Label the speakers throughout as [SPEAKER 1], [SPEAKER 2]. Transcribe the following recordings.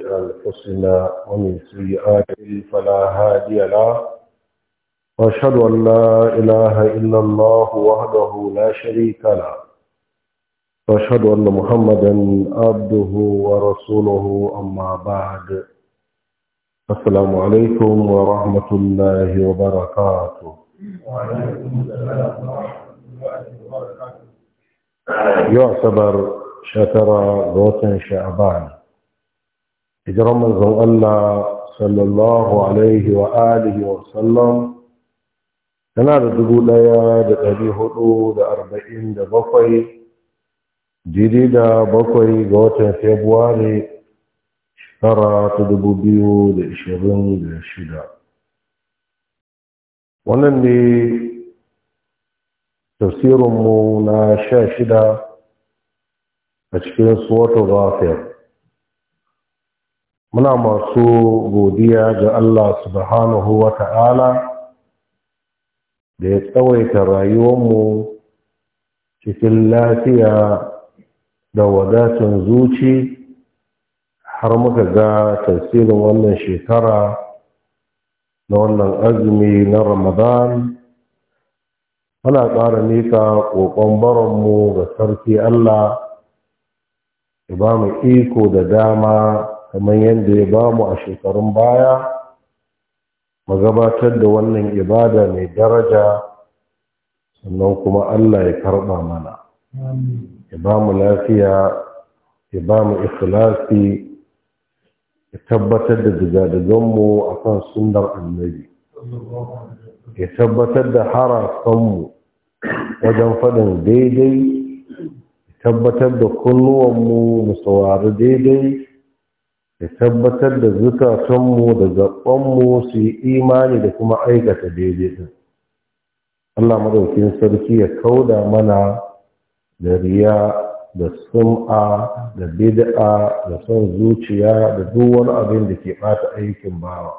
[SPEAKER 1] أنفسنا ومن سيئات فلا هادي له وأشهد أن لا إله إلا الله وحده لا شريك له وأشهد أن محمدا عبده ورسوله أما بعد السلام عليكم ورحمة الله وبركاته وعليكم السلام ورحمة الله وبركاته يعتبر شترى غوث شعبان hijiran manzon Allah sallallahu alaihi wa alihi wa sallam tana da dubu ɗaya da ɗari hudu da arba'in da bakwai jiri da bakwai ga watan februari shekara ta dubu biyu da ishirin da shida wannan ne tafsirinmu na sha shida a cikin suwatu rafiyar muna masu godiya ga Allah subhanahu wa ta'ala da ya tsawaita rayuwanmu cikin lafiya da wadatun zuci har muka ga tasirin wannan shekara na wannan azumi na ramadan muna ƙara nika ƙoƙon baronmu ga sarki Allah ba mu iko da dama kamar yadda ya bamu a shekarun baya mu gabatar da wannan ibada mai daraja sannan kuma Allah ya karɓa mana ya bamu lafiya ya bamu ikhlasi ya tabbatar da digadiganmu a kan sunnar annabi ya tabbatar da harasanmu wajen faɗin daidai ya tabbatar da kunnuwanmu mu saurari daidai ya tabbatar da zukatanmu da gabanmu su yi imani da kuma aikata daidai din Allah maɗaukin sarki ya kauda mana da riya da sum'a da bid'a da son zuciya da duk wani abin da ke ɓata aikin bawa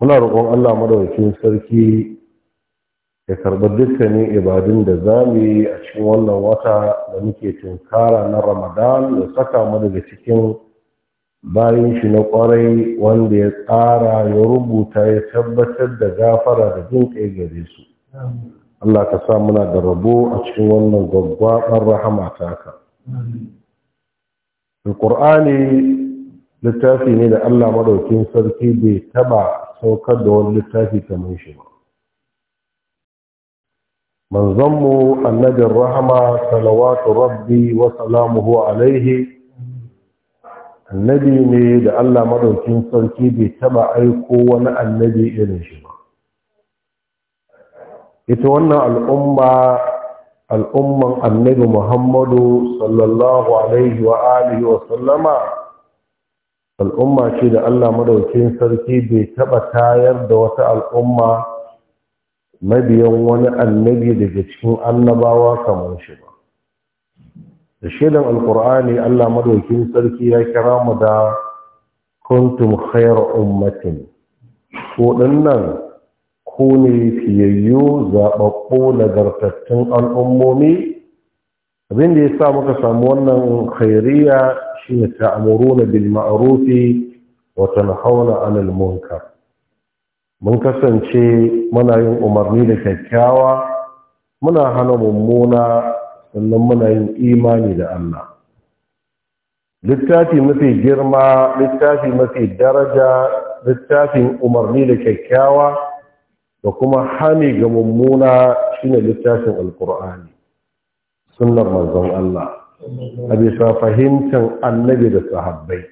[SPEAKER 1] muna roƙon Allah maɗaukin sarki ya karɓi dukkanin ibadun da za mu yi a cikin wannan wata da muke tunkara na Ramadan ya saka mu daga cikin bayan shi na kwarai wanda ya tsara ya rubuta ya tabbatar da gafara da jin kai gare su Allah ka sa muna da rabo a cikin wannan gwaggwaɓar rahama taka Alƙur'ani littafi ne da Allah maɗaukin sarki bai taɓa saukar da wani littafi kamar shi ba. Manzanmu annabin rahama salawatu rabbi wa salamuhu alaihi annabi ne da Allah madaukin sarki bai taɓa aiko wani annabi irin shi ba ita wannan al'umma al'umman annabi Muhammadu sallallahu alaihi wa alihi wa sallama al'umma ce da Allah madaukin sarki bai taɓa tayar da wata al'umma mabiyan wani annabi daga cikin annabawa kamar shi ba da shaidan alkur'ani Allah madaukin sarki ya kira mu da kuntum hayar ummatin ko nan, ku ne fiyayyu zaɓaɓɓu nagartattun al'ummomi abin da ya sa muka samu wannan khairiya shine ta'muruna bil wata wa hauna 'anil munkar mun kasance muna yin umarni da kyakkyawa muna hana mummuna sannan muna yin imani da Allah littafi mafi girma littafi mafi daraja littafin umarni da kyakkyawa da kuma hani ga mummuna shine littafin alkur'ani sunar manzon Allah a bisa fahimtar annabi da sahabbai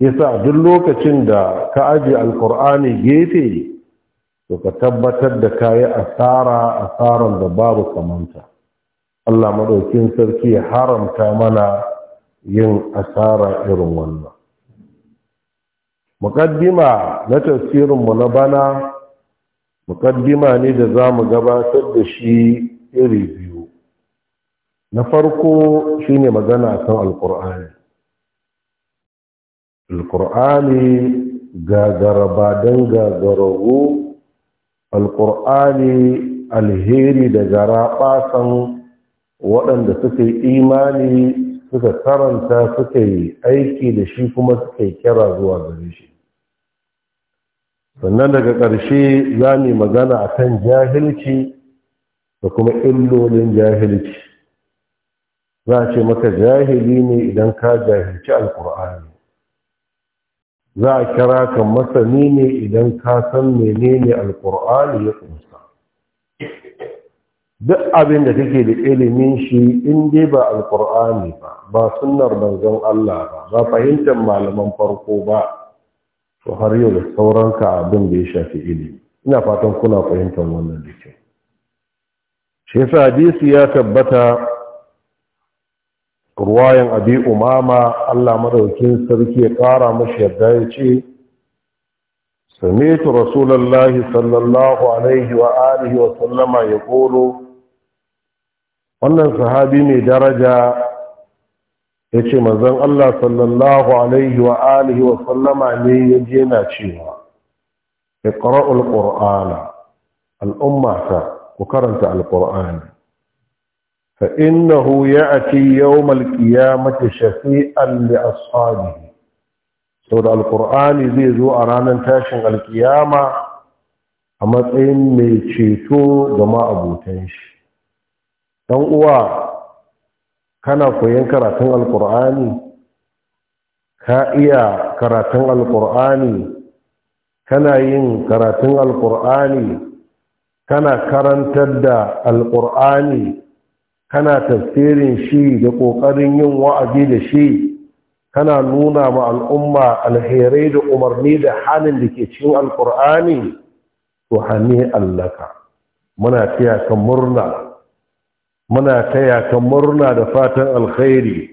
[SPEAKER 1] yasa duk lokacin da ka ajiye alkur'ani gefe to ka tabbatar da kayi asara asaran da babu kamanta Allah madaukin sarki ya haramta mana yin asara irin wannan muƙaddima na tafsirinmu na bana muƙaddima ne da za mu gabatar da shi iri biyu na farko shine magana kan alqur'ani alqur'ani gagaraba dan gagararru alqur'ani alheri da garabasan waɗanda suka yi imani suka karanta suka yi aiki da shi kuma suka yi kira zuwa gare shi sannan daga ƙarshe za mu magana a kan jahilci da kuma illolin jahilci za a ce maka jahili ne idan ka jahilci alkur'ani za a kira kan masani ne idan ka san menene alkur'ani ya kunsa duk abin da take da ilimin shi in dai ba alkur'ani ba ba sunnar banzan Allah ba ba fahimtar malaman farko ba to har yau da sauranka abin da ya shafi ilimi ina fatan kuna fahimtar wannan dake shi yasa hadisi ya tabbata ruwayan abi umama Allah madaukin sarki ya kara mashi yadda ya ce sami'tu rasulullahi sallallahu alaihi wa alihi wa sallama yaqulu wannan sahabi mai daraja ya ce mazan Allah sallallahu alaihi wa alihi wa sallama ne ya je na cewa iqra'ul qur'ana al'ummata ku karanta alqur'ani fa innahu ya'ti yawmal qiyamati shafi'an li ashabihi saboda alqur'ani zai zo a ranar tashin alkiyama a matsayin mai ceto da ma'abutan shi ɗan uwa kana koyon karatun alkur'ani ka iya karatun alkur'ani kana yin karatun alkur'ani kana karantar da alkur'ani kana tafsirin shi da ƙoƙarin yin wa'azi da shi kana nuna ma al'umma alherai da umarni da halin da ke cikin alkur'ani to hane allaka muna fiya ka murna muna taya ka murna da fatan alkhairi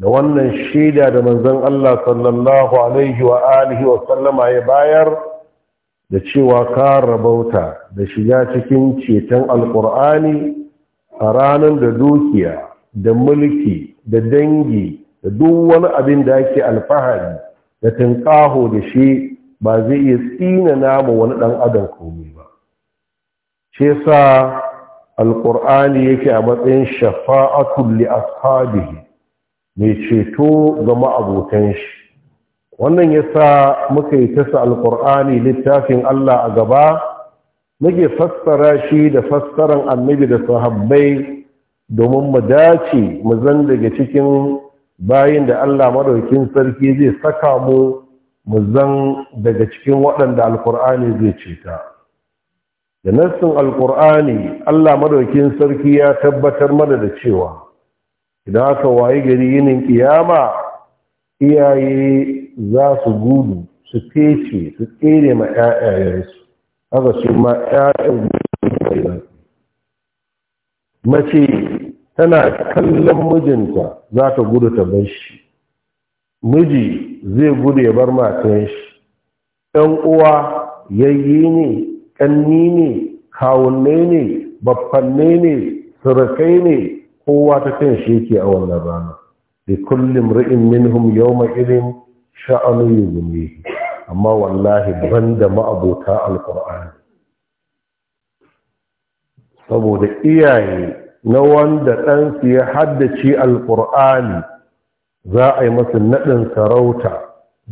[SPEAKER 1] da wannan shaida da manzon Allah sallallahu alaihi wa alihi wa sallama ya bayar da cewa ka rabauta da shiga cikin ceton alkur'ani a ranar da dukiya da mulki da dangi da duk wani abin da ake alfahari da tunƙaho da shi ba zai iya tsina namu wani ɗan adam komi ba shi sa alƙur'ani yake a matsayin shafa'atun li ashabihi mai ceto ga ma'abotan shi wannan yasa muka yi tasa alƙur'ani littafin Allah a gaba muke fassara shi da fassaran annabi da sahabbai domin mu dace mu zan daga cikin bayin da Allah madaukin sarki zai saka mu mu zan daga cikin waɗanda alƙur'ani zai ceta. da nassin alkur'ani allah madaukin sarki ya tabbatar mana da cewa idan aka waye gari yinin kiyama iyaye za su gudu su fece su tsere ma 'ya'yayensu haka su ma 'ya'yan mace tana kallon mijinta za ta gudu ta bar shi miji zai gudu ya bar matan shi ɗan uwa yayyi ne ƙanni ne kawunne ne baffanne ne surukai ne kowa ta kan shi yake a wannan rana bi kullum ri'in minhum yawma idin sha'anu yughnihi amma wallahi ban da ma'abota alqur'ani saboda iyaye na wanda ɗansu ya haddace alqur'ani za a yi masa naɗin sarauta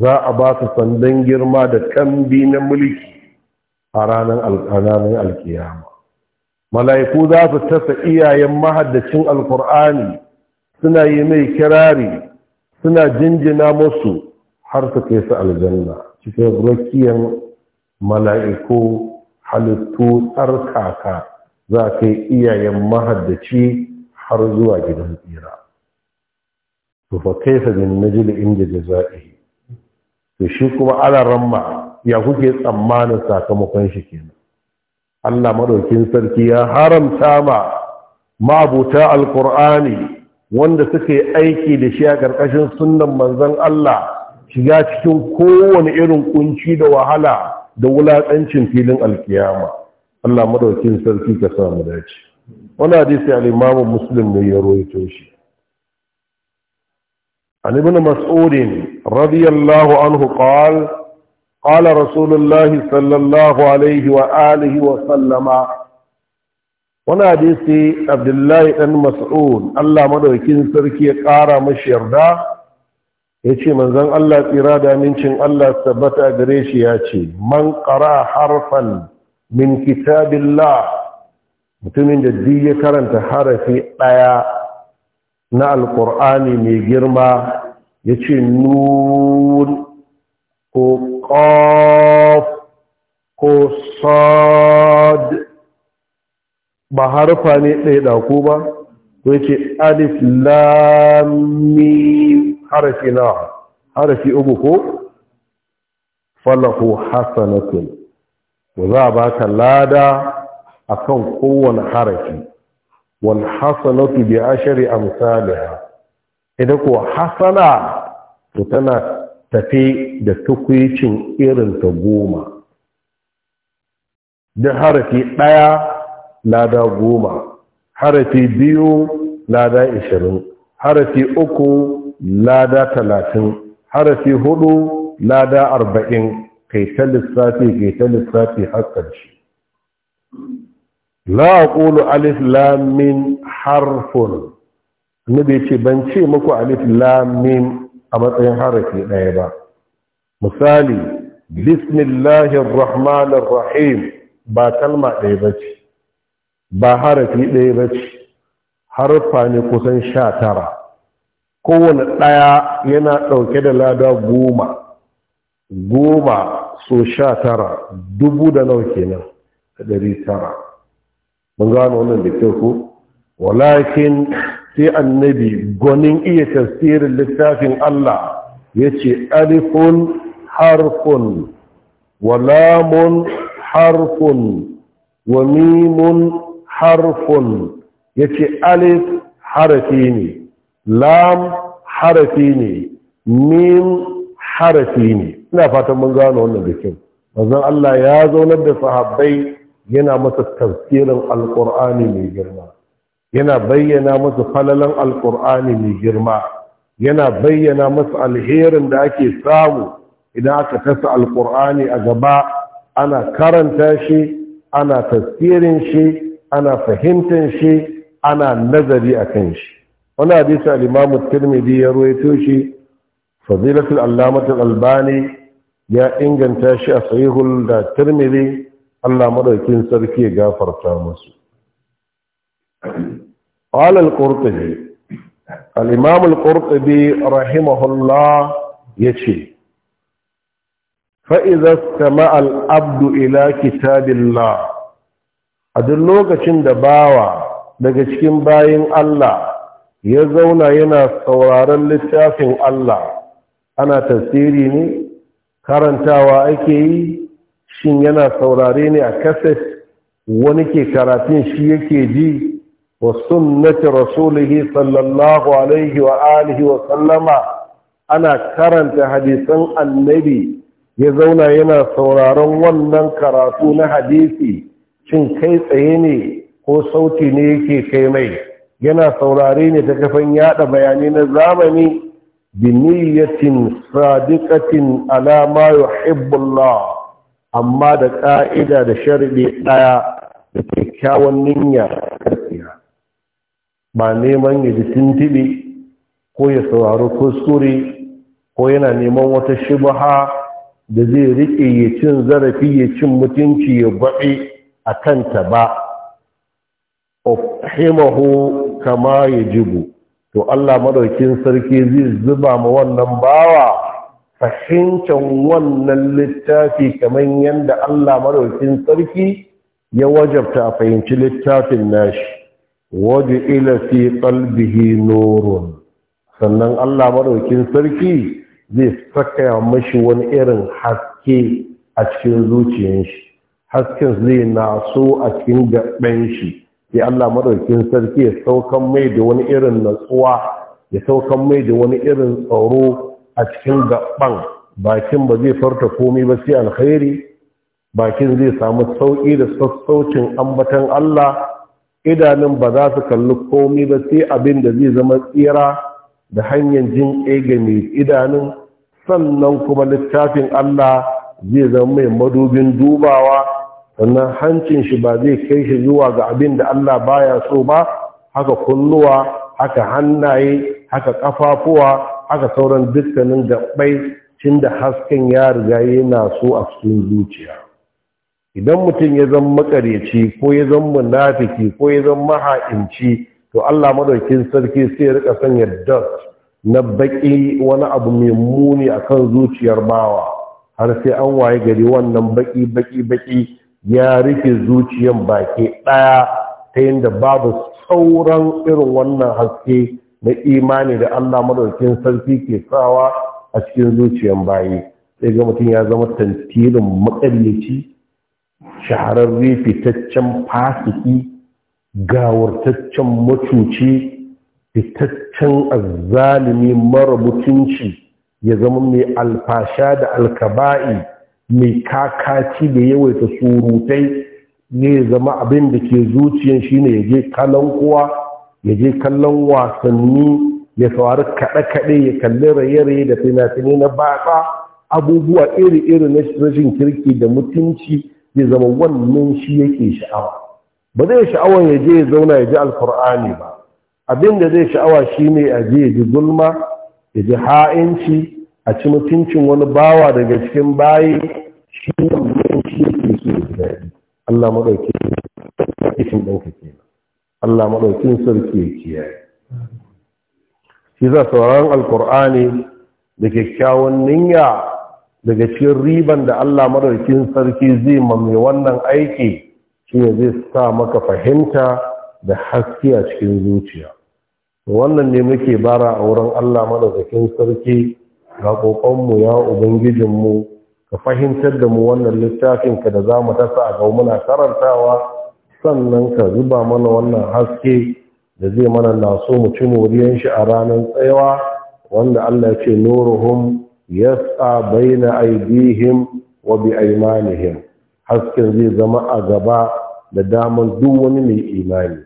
[SPEAKER 1] za a ba su sandan girma da kambi na mulki a ranar alƙananin alƙiyama mala'iku za su tasa iyayen mahaddacin alƙur'ani suna yi mai kirari suna jinjina musu har su kai su aljanna cikin rakiyan mala'iku halittu tsarkaka za kai iyayen mahaddaci har zuwa gidan tsira to fa kaifa na najli inda jazaihi to shi kuma ala ramma ya kuke tsammanin sakamakon shi kenan Allah madaukin sarki ya haramta ma mabuta alqur'ani wanda suke aiki da shi a ƙarƙashin sunnan manzon Allah shiga cikin kowane irin kunci da wahala da wulaƙancin filin alkiyama Allah madaukin sarki ka samu dace wannan hadisi al-Imam Muslim ne ya rawaito shi عن ابن مسعود radiyallahu anhu قال رسول الله صلى الله عليه وآله وسلم وانا حديثي عبد الله بن مسعود الله مدوكين سركي قارا مش yace manzon Allah tsira da amincin Allah tabbata gare shi yace man qara harfan min kitabillah mutumin da duk ya karanta harafi ɗaya na alqur'ani mai girma yace nun ko qaf ko sad ba harfa ne ɗaya ɗaku ba Ko yake alif lam mim harafi na harafi uku ko falahu hasanatun to za a baka lada akan kowane harafi wal hasanatu bi ashri amsalha idan ko hasana to tana tafi da tukwicin ta goma da harafi ɗaya lada goma harafi biyu lada ishirin harafi uku lada talatin harafi hudu lada arba'in kai ta lissafi kai ta lissafi har shi. a alif lamin harfun nabi ce ban ce muku alif lamin a matsayin harafi ɗaya ba misali bismillahir rahmanir rahim ba kalma ɗaya ba ce ba harafi ɗaya ba ce harfa ne kusan sha tara kowane ɗaya yana ɗauke da lada goma goma so sha tara dubu da nau kenan da ɗari tara mun gano wannan da kyau ko walakin sai annabi gwanin iya tafsirin littafin Allah ya ce alifun harfun walamun harfun wa mimun harfun ya ce alif harafi ne lam harafi ne mim harafi ne ina fatan mun gano wannan da kyau manzon Allah ya zaunar da sahabbai yana masa tafsirin alƙur'ani mai girma yana bayyana musu falalan alkur'ani mai girma yana bayyana musu alherin da ake samu idan aka tasa alkur'ani a gaba ana karanta shi ana tasirin shi ana fahimtar shi ana nazari a kan shi wani hadisi al'imamu imamu tirmidhi ya ruwaito shi fazilatul allamatul albani ya inganta shi a sahihul da tirmidhi Allah madaukin sarki ya gafarta musu قال القرطبي الامام القرطبي رحمه الله يشي فاذا استمع العبد الى كتاب الله أدلوك شند باوى daga cikin bayin Allah ya zauna yana sauraron littafin Allah ana tafsiri ne karantawa ake yi shin yana saurare ne a kaset wani ke karatun shi yake ji وسنه رسوله صلى الله عليه واله وسلم انا كرنت حديثا النبي يزونا ينا سوراron wannan karatu na hadisi cin kai tsaye ne ko sauti ne yake kai mai yana saurare ne ta kafan yada bayani na zamani bi niyyatin sadiqatin ala ma yuhibbu amma da ka'ida da sharbi ɗaya da kyakkyawan niyya ba neman ya ji tintibi ko ya saurari kuskure ko yana neman wata shubha da zai riƙe ya cin zarafi ya cin mutunci ya baɓe a kanta ba himahu kama ya jibu to Allah maɗaukin sarki zai zuba ma wannan bawa fahimtar wannan littafi kamar yadda Allah maraukin sarki ya wajabta a fahimci littafin nashi waje ila fi kalbihi nurun sannan Allah maɗaukin sarki zai saka mashi wani irin haske a cikin zuciyar shi hasken zai naso a cikin gaban shi sai Allah maɗaukin sarki ya saukan mai da wani irin natsuwa ya saukan mai da wani irin tsaro a cikin gaɓan. bakin ba zai farta komai ba sai alkhairi bakin zai samu sauƙi da sassaucin ambatan Allah idanun ba za su kalli komi ba sai abin da zai zama tsira da hanyar jin ƙega mai idanun sannan kuma littafin Allah zai zama mai madubin dubawa sannan hancin shi ba zai kai shi zuwa ga abin da Allah baya so ba haka kunnuwa haka hannaye haka ƙafafuwa haka sauran dukkanin gaɓai cin da hasken ya riga yana so a cikin zuciya idan mutum ya zan makaryaci ko ya zan munafiki ko ya zan maha'inci to Allah madaukin sarki sai ya rika sanya dust na baki wani abu mai muni akan zuciyar bawa har sai an waye gari wannan baki baki baki ya rike zuciyar baki ɗaya ta yadda babu sauran irin wannan haske na imani da Allah madaukin sarki ke sawa a cikin zuciyar bayi sai ga mutum ya zama tantirin makaryaci shahararre fitaccen fasiki gawartaccen macuci fitaccen azzalimi mara mutunci ya zama mai alfasha da alkaba'i mai kakaci da yawaita surutai ne zama abin da ke zuciyan shine ya je kallon kuwa, ya je kallon wasanni ya saurari kaɗe-kaɗe ya kalli raye-raye da fina-finai na baƙa abubuwa iri-iri na rashin kirki da mutunci ya zama wannan shi yake sha'awa ba zai sha'awa ya je ya zauna ya ji alkur'ani ba abin da zai sha'awa shi ne a je ya ji zulma ya ji ha'inci a ci mutuncin wani bawa daga cikin bayi shi wannan shi yake so ya ji daɗi Allah maɗaukin sarkin ɗanka Allah sarki ya kiyaye shi za sauraron alkur'ani da kyakkyawan niyya daga cikin riban da Allah madaukin sarki zai ma wannan aiki ne zai sa maka fahimta da haske a cikin zuciya wannan ne muke bara a wurin Allah madaukin sarki ga kokonmu ya ubangijinmu ka fahimtar da mu wannan littafin ka da za mu tasa a ga muna karantawa sannan ka zuba mana wannan haske da zai mana naso mu ci moriyan shi a ranar tsayawa wanda Allah ya ce nuruhum yas'a baina aidihim wa bi aymanihim hasken zai zama a gaba da daman duk wani mai imani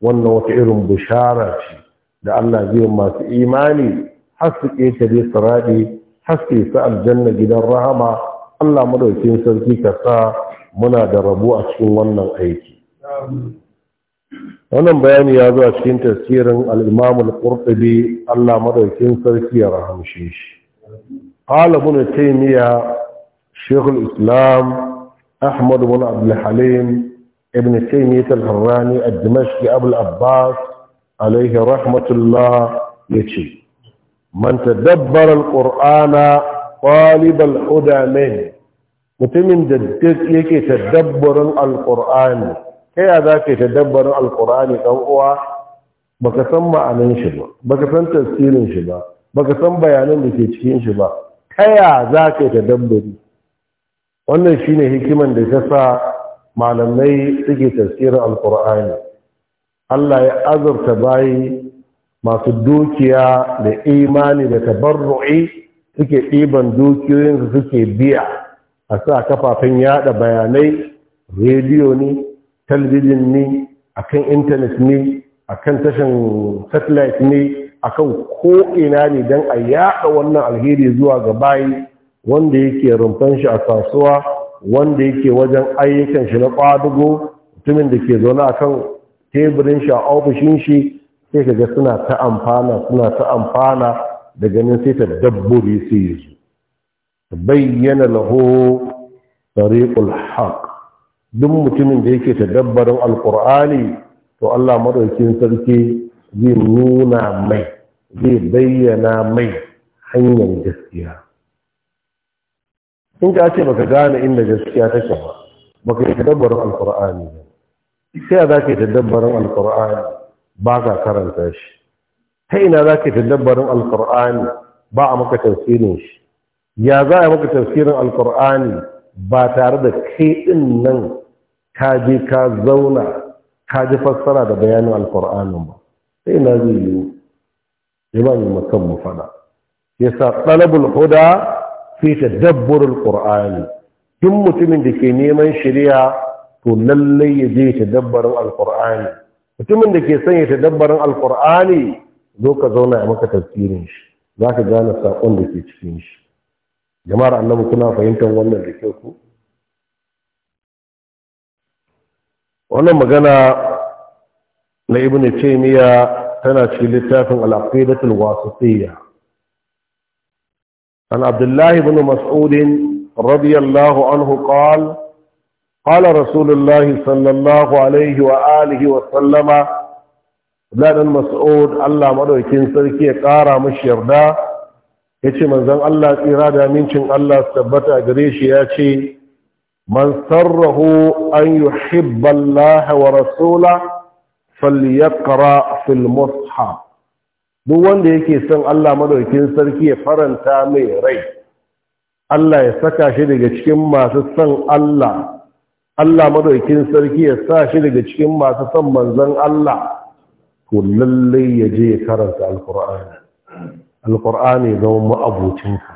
[SPEAKER 1] wannan wata irin bishara ce da Allah zai masu imani haske ta dai sarade haske sa aljanna gidan rahama Allah madaukin sarki ka sa muna da rabu a cikin wannan aiki wannan bayani ya zo a cikin tasirin al-Imam al-Qurtubi Allah madaukin sarki ya rahamshe shi qala ibn taymiyah shaykh al-islam ahmad ibn abd al-halim ibn taymiyah al-harrani ad-dimashqi abu al-abbas alayhi rahmatullah yace man tadabbara al-qur'ana talib al-huda mutumin da yake tadabburin al-qur'ani kai ya zaka tadabburin al-qur'ani dan uwa baka san ma'anin shi ba baka san tafsirin shi ba baka san bayanan da ke cikin shi ba Kaya za ka yi dambari wannan shine hikiman da ta sa malamai suke tasirin alkur'ani Allah ya azurta bayi masu dukiya da imani da tabarru'i suke ɗiban dukiyoyinsu suke biya a sa kafafen yada bayanai rediyo ne talbijin ne akan intanet ne akan tashin satellite ne akan ko ina ne don a yaɗa wannan alheri zuwa ga bayi wanda yake rumfan shi a kasuwa wanda yake wajen ayyukan shi na kwadugo mutumin da ke zaune akan teburin shi a ofishin shi sai ka ga suna ta amfana suna ta amfana da ganin sai ta dabburi sai ya zo bayyana laho tariqul haq duk mutumin da yake tadabbarin alqur'ani to Allah madaukakin sarki zai nuna mai zai bayyana mai hanyar gaskiya in ka ce baka gane inda gaskiya take ba baka yi tadabbarin alkur'ani ba sai za ka yi tadabbarin alkur'ani ba ka karanta shi ta ina za ka yi tadabbarin alkur'ani ba a maka tafsirin shi ya za a maka tafsirin alkur'ani ba tare da kai din nan ka je ka zauna ka ji fassara da bayanin alkur'anin ba sai na zai yiwu imani makan mu fada sa talabul huda fi dabburul ƙurani Tun mutumin da ke neman shari'a to lallai ya je ta dabbarin alqur'ani mutumin da ke son ya dabbarin alqur'ani zo ka zauna a maka tafsirin shi za ka gane saƙon da ke cikin shi jama'ar annabi kuna fahimtar wannan da kyau ku wannan magana na ibn taymiya tana cikin littafin al-aqidatul wasitiyya an abdullahi ibn mas'ud radiyallahu anhu qala qala rasulullahi sallallahu alaihi wa alihi wa sallama ladan mas'ud Allah madaukin sarki ya ƙara mashi yarda yace manzon Allah tsira da mincin Allah tabbata gare shi yace man sarrahu an yuhibba Allah wa rasulahu falyaqra fil mushaf duk wanda yake son Allah madaukin sarki ya faranta mai rai Allah ya saka shi daga cikin masu son Allah Allah madaukin sarki ya sa shi daga cikin masu son manzan Allah Ku lalle ya je karanta alkur'ani ya zama ma'abucinka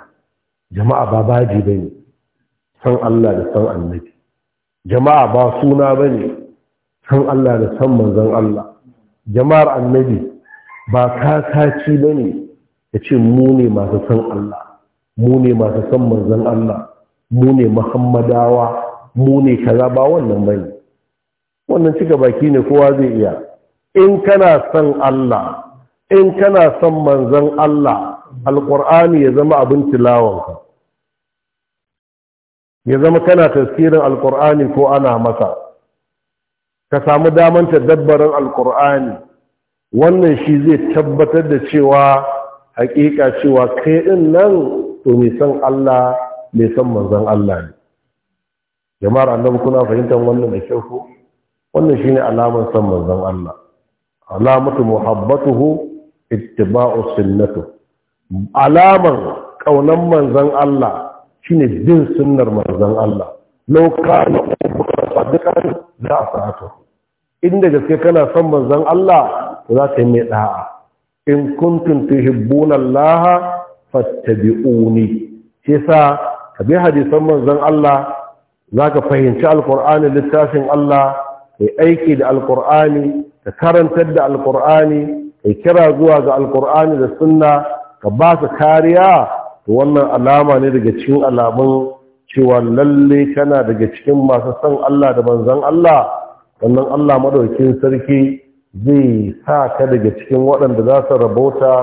[SPEAKER 1] jama'a ba baji bane san Allah da san annabi jama'a ba suna bane san Allah da san manzan Allah jama'ar annabi ba ba ne ya ce mu ne masu san Allah mu ne masu san manzon Allah mu ne muhammadawa mu ne kaza ba wannan bane wannan cika baki ne kowa zai iya in kana san Allah in kana son manzan Allah alqur'ani ya zama abin tilawanka ya zama kana tafsirin alqur'ani ko ana masa ka samu daman tadabbarin alkur'ani wannan shi zai tabbatar da cewa hakika cewa kai din nan to mai san Allah mai san manzon Allah ne jama'ar annabi kuna fahimtar wannan da kyau ko wannan shine alamar san manzon Allah alamatu muhabbatuhu ittiba'u sunnatu alamar kaunan manzon Allah shine bin sunnar manzon Allah law da ubra sadiqan la sa'atu inda gaske kana son manzon Allah to za ka yi mai da'a in kuntum tuhibbuna Allah fattabi'uni shi sa ka bi hadisan manzon Allah za ka fahimci alkur'ani littafin Allah kai aiki da alkur'ani ka karantar da alkur'ani kai kira zuwa ga alkur'ani da sunna ka ba su kariya to wannan alama ne daga cikin alamun cewa lalle kana daga cikin masu son Allah da manzon Allah wannan Allah madaukin sarki zai sa ka daga cikin waɗanda za su rabota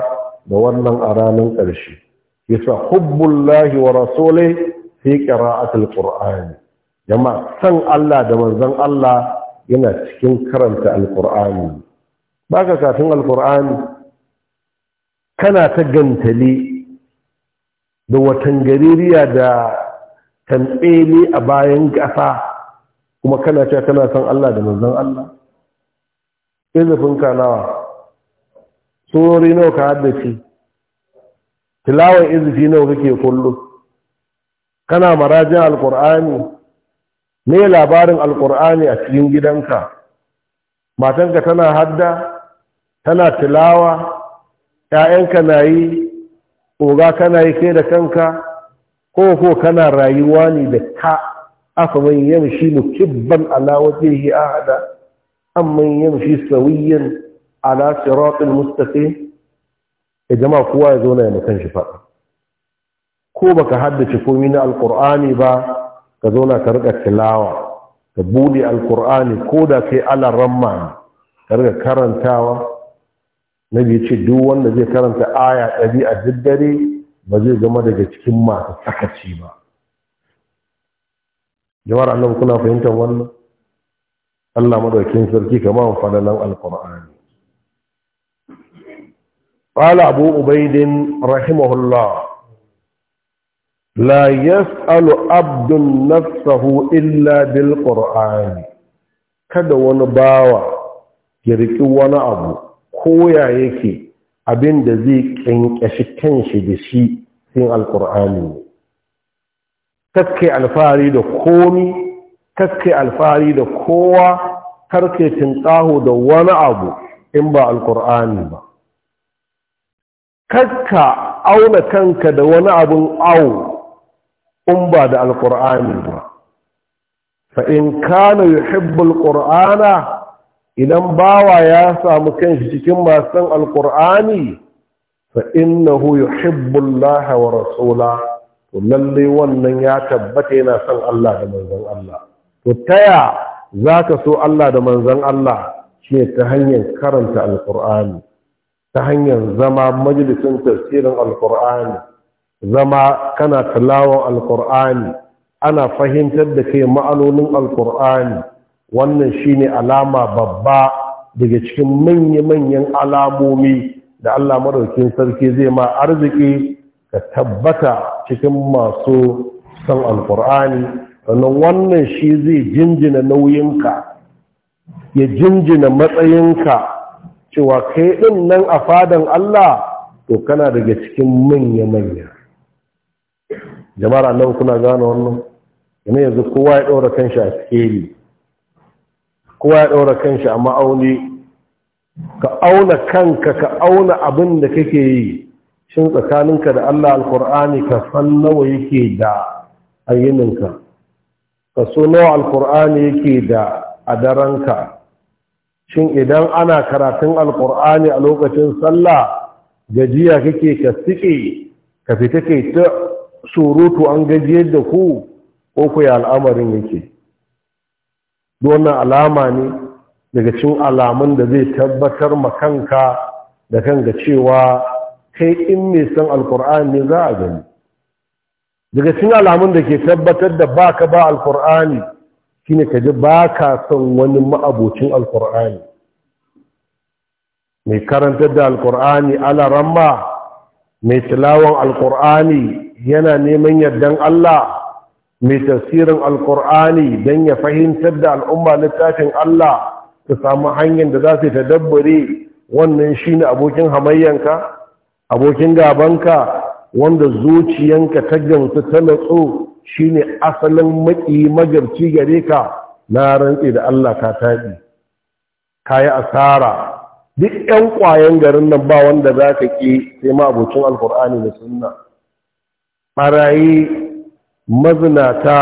[SPEAKER 1] da wannan a ranar ƙarshe yasa hubbullahi wa rasule fi qira'atil qur'ani jama'a san Allah da manzon Allah yana cikin karanta alqur'ani baka kafin alqur'ani kana ta gantali da watan gaririya da tantsele a bayan ƙasa kuma kana cewa kana son Allah da manzon Allah Izifin ka nawa surori nawa ka haddace tilawar izifi nawa kake kullum kana marajin alkur'ani ne labarin alkur'ani a cikin gidanka matanka tana hadda tana tilawa ‘ya'yanka na yi oga kana yi kai da kanka ko ko kana rayuwa ne da ka Afa yamshi ala wajhihi يمشي am man yamshi sawiyan ala siratil mustaqim Ya jama'a, kowa ya zo ya يزونا kan shi fa ko baka haddace komai na alkur'ani ba ka zauna ka rika tilawa ka bude alkur'ani ko da kai ala ramma ka rika karantawa nabi ce duk wanda zai karanta aya ɗari a duk ba zai zama daga cikin masu sakaci ba jama'ar annabi kuna fahimtar wannan Allah madaukin sarki kamar fadalan alkur'ani qala abu ubaidin rahimahullah la yas'alu abdun nafsahu illa bil qur'ani kada wani bawa ya wani abu ko ya yake abin da zai kankashi kanshi da shi cikin alqur'ani kakkai alfahari da komi kakkai alfahari da kowa karke tinkaho da wani abu in ba alkur'ani ba kakka auna kanka da wani abun au in ba da alkur'ani ba fa in kana yuhibbul qur'ana idan bawa ya samu kanshi cikin masu alkur'ani fa innahu yuhibbullaha wa rasula to lallai wannan ya tabbata yana son Allah da manzon Allah to taya zaka so Allah da manzon Allah shine ta hanyar karanta alqur'ani ta hanyar zama majalisin tafsirin alqur'ani zama kana tilawon alqur'ani ana fahimtar da kai ma'anonin alqur'ani wannan shine alama babba daga cikin manya-manyan alamomi da Allah madaukin sarki zai ma arziki ka tabbata cikin masu san alkur'ani sannan wannan shi zai jinjina nauyinka ya jinjina matsayinka cewa kai ɗin nan a fadan Allah to kana daga cikin manya-manya jama'a nan kuna gane wannan yana yanzu kowa ya ɗaura kanshi a tsere kowa ya ɗaura kanshi a ma'auni ka auna kanka ka auna abin da kake yi shin tsakaninka da Allah alkur'ani ka san nawa yake da ayyininka ka so nawa alkur'ani yake da adaranka shin idan ana karatun alkur'ani a lokacin sallah gajiya kake ka sike ka fita kai ta surutu an gajiyar da ku ko ku ya al'amarin yake wannan alama ne daga cin alamun da zai tabbatar makanka da kanka cewa kai in mai san alkur'ani ne za a gani daga cikin alamun da ke tabbatar da ba ka ba alkur'ani shine ka ji ba ka son wani ma'abocin alkur'ani mai karantar da alkur'ani ala ramma mai tilawan alkur'ani yana neman yardan Allah mai tasirin alkur'ani don ya fahimtar da al'umma littafin Allah ta samu hanyar da za su yi ta dabbare wannan shi ne abokin hamayyanka abokin gabanka wanda zuciyanka ta gamsu ta natsu shine asalin maƙi magarci gare ka na rantse da Allah ka taɗi ka yi asara duk 'yan ƙwayan garin nan ba wanda za ka ƙi sai ma abokin alkur'ani da sunna ɓarayi mazinata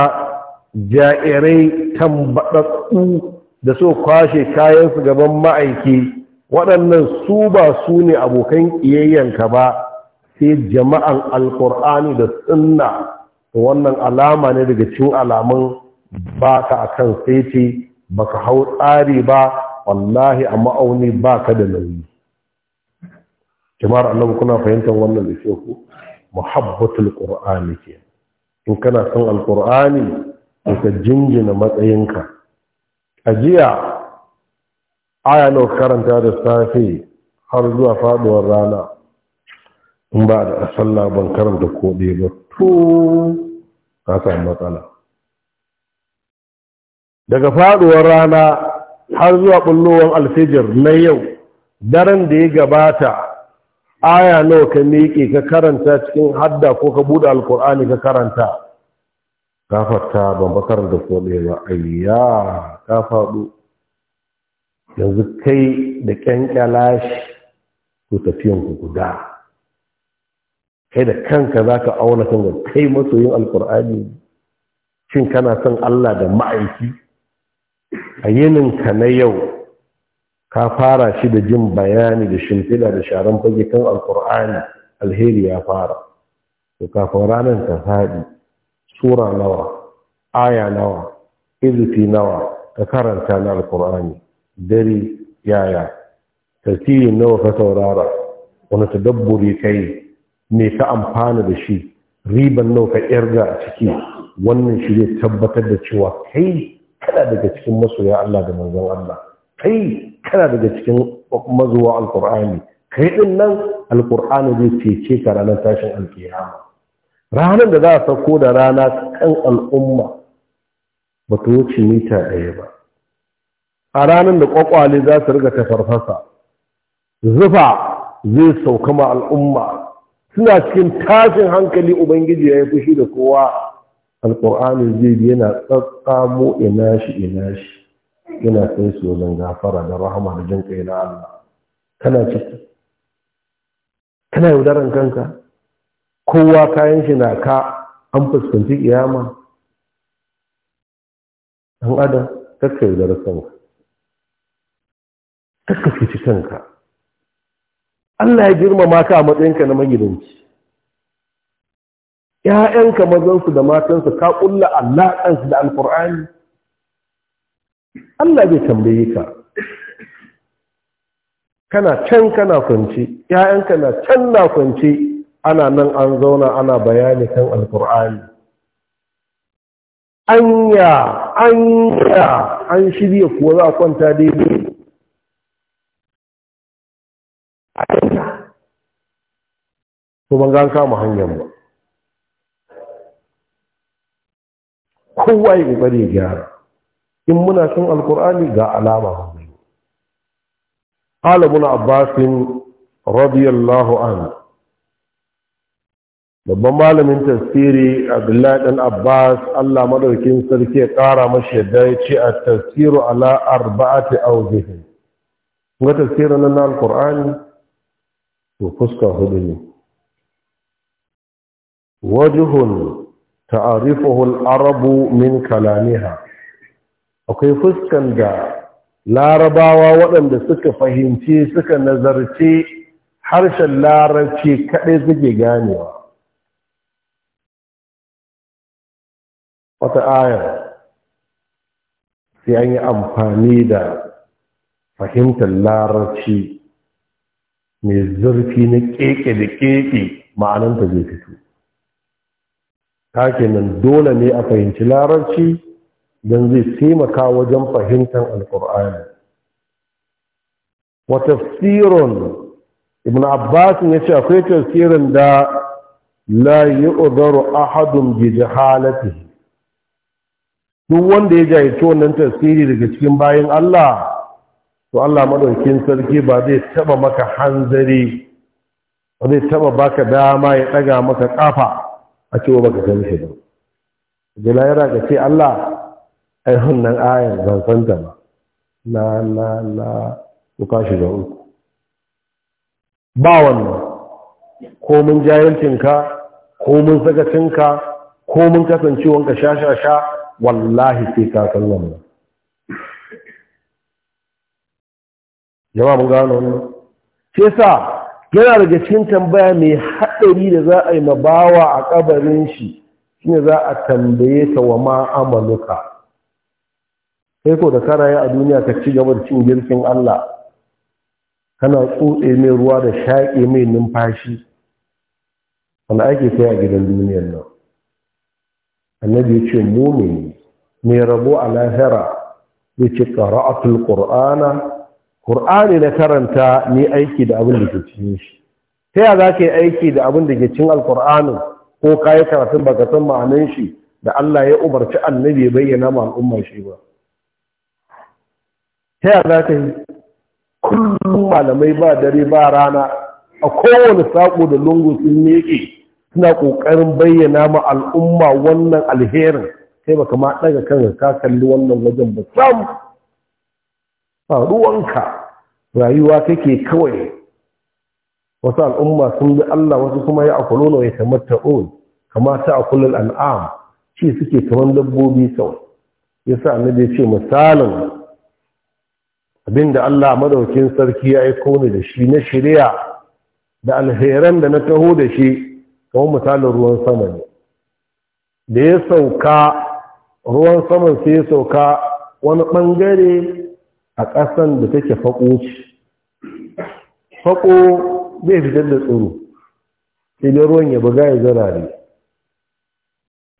[SPEAKER 1] ja'irai tambaɗaɗɗu da so kwashe kayansu gaban ma'aiki waɗannan su ba su ne abokan ƙiyayyanka ba sai jama'an alƙur'ani da sunna wannan alama ne daga cikin alamun ba ka a kan sai ce ba ka hau tsari ba wallahi a ma'auni ba ka da nauyi jama'ar annabu kuna fahimtar wannan da ku muhabbatul qur'ani ke in kana son alkur'ani ka jinjina matsayinka a jiya aya nawa karanta da safe har zuwa faduwar rana in ba da asalla ban karanta ko ba to ka samu matsala daga faduwar rana har zuwa bullowar alfijir na yau daren da ya gabata aya nawa ka miƙe ka karanta cikin hadda ko ka buɗe alkur'ani ka karanta ka fata ban ba karanta ko ba ayya ka faɗo yanzu kai da kyankyala shi ku tafiyan ku guda kai da kanka za ka auna kan ga kai masoyin alkur'ani shin kana son Allah da ma'aiki a yininka na yau ka fara shi da jin bayani da shimfida da sharan fage kan alkur'ani alheri ya fara to kafin ranar ta faɗi sura nawa aya nawa izufi nawa ka karanta na alkur'ani dare yaya tafsiri nawa ka saurara wani tadabburi kai me ka amfana da shi riban nawa ka irga a ciki wannan shi zai tabbatar da cewa kai kana daga cikin masoya Allah da manzon Allah kai kana daga cikin mazuwa alqur'ani kai din nan alqur'ani zai cece ka ranar tashin alkiyama ranar da za a sauko da rana kan al'umma ba ta wuce mita ɗaya ba a ranar da ƙwaƙwale za su riga tafarfasa zufa zai sauka ma al'umma suna cikin tashin hankali ubangiji ya yi fushi da kowa alƙur'anin zai bi yana tsatsamo ina shi ina shi yana sai su wajen gafara da rahama da jin kai na Allah kana ciki kana yaudaran kanka kowa kayan shi na ka an fuskanci kiyama an adam kakka yaudaran kanka kakka cuci kanka Allah ya girmama ka a matsayinka na magidanci ‘ya'yanka mazansu da matansu ka ƙulla Allah ɗansu da alƙur'ani Allah bai tambaye ka kana can kana kwanci ‘ya'yanka na can na kwanci ana nan an zauna ana bayani kan alƙur'ani anya anya an shirya kuwa za a kwanta daidai ko ban gan kama hanyar ba kowa ya kokari ya gyara in muna cin alkur'ani ga alama قال Alamuna Abbasin radiyallahu الله babban malamin tafsiri abdullahi dan abbas allah madaukin sarki ya kara mashi yadda ya ce a tafsiru ala arba'ati auzihin ga tafsirin na alkur'ani to fuska hudu ne wajhun ta'arifuhu arabu min kalamiha akwai fuskan da larabawa waɗanda suka fahimci suka nazarci harshen larabci kaɗai suke ganewa wata ayar sai an yi amfani da fahimtar larabci mai zurfi na keke da keke ma'ananta zai fito kake nan dole ne a fahimci larabci don zai taimaka wajen fahimtar alkur'ani wata tsirin ibn abbas ya ce akwai tafsirin da la a ahadun bi jahalatihi duk wanda ya jayyace nan tasiri daga cikin bayan Allah to Allah madaukin sarki ba zai taba maka hanzari ba zai taba baka dama ya daga maka ƙafa? a ciwo baka san shi ba da lahira ka ce Allah ai wannan ayar ban san ta ba na na na ku kashi da uku ba wannan ko mun jahilcinka ko mun sakacinka ko mun kasancewanka sha sha sha wallahi sai ka san wannan jama'a mun gano wannan shi yasa yana daga cikin tambaya mai haɗari da za a yi mabawa a ƙabarin shi shi ne za a tambaye ta wa ma'amaluka sai ko da karaye a duniya ka ci gaba da cin girkin Allah kana tsotse mai ruwa da shaƙe mai numfashi wanda ake kai a gidan duniyar nan annabi ya ce mumini mai rabo a lahira ya ce ƙara'atul ƙur'ana ƙur'ani na karanta ne aiki da abin da ke cikin shi ta yaya za ka yi aiki da abin da ke cin alkur'ani ko ka yi karatun baka san ma'anin shi da Allah ya umarci annabi ya bayyana ma al'ummar shi ba ta yaya za ka yi kullum malamai ba dare ba rana a kowane saƙo da lungu sun yake suna ƙoƙarin bayyana ma al'umma wannan alherin sai baka ma ɗaga kanka ka kalli wannan wajen ba sam ruwanka rayuwa kake kawai wasu al'umma sun bi Allah wasu kuma ya akulo na ya tamatta'un kama ta akulul al’am ce suke kamar dabbobi kawai yasa ce misalin abinda Allah madaukin sarki ya aiko ni da shi na shirya da alheran da na taho da shi kamar misalin ruwan sama ne da ya sauka ruwan sama sai ya sauka wani ɓangare a ƙasan da take faƙo ci faƙo bai fitar da tsoro sai dai ruwan ya buga ya zarare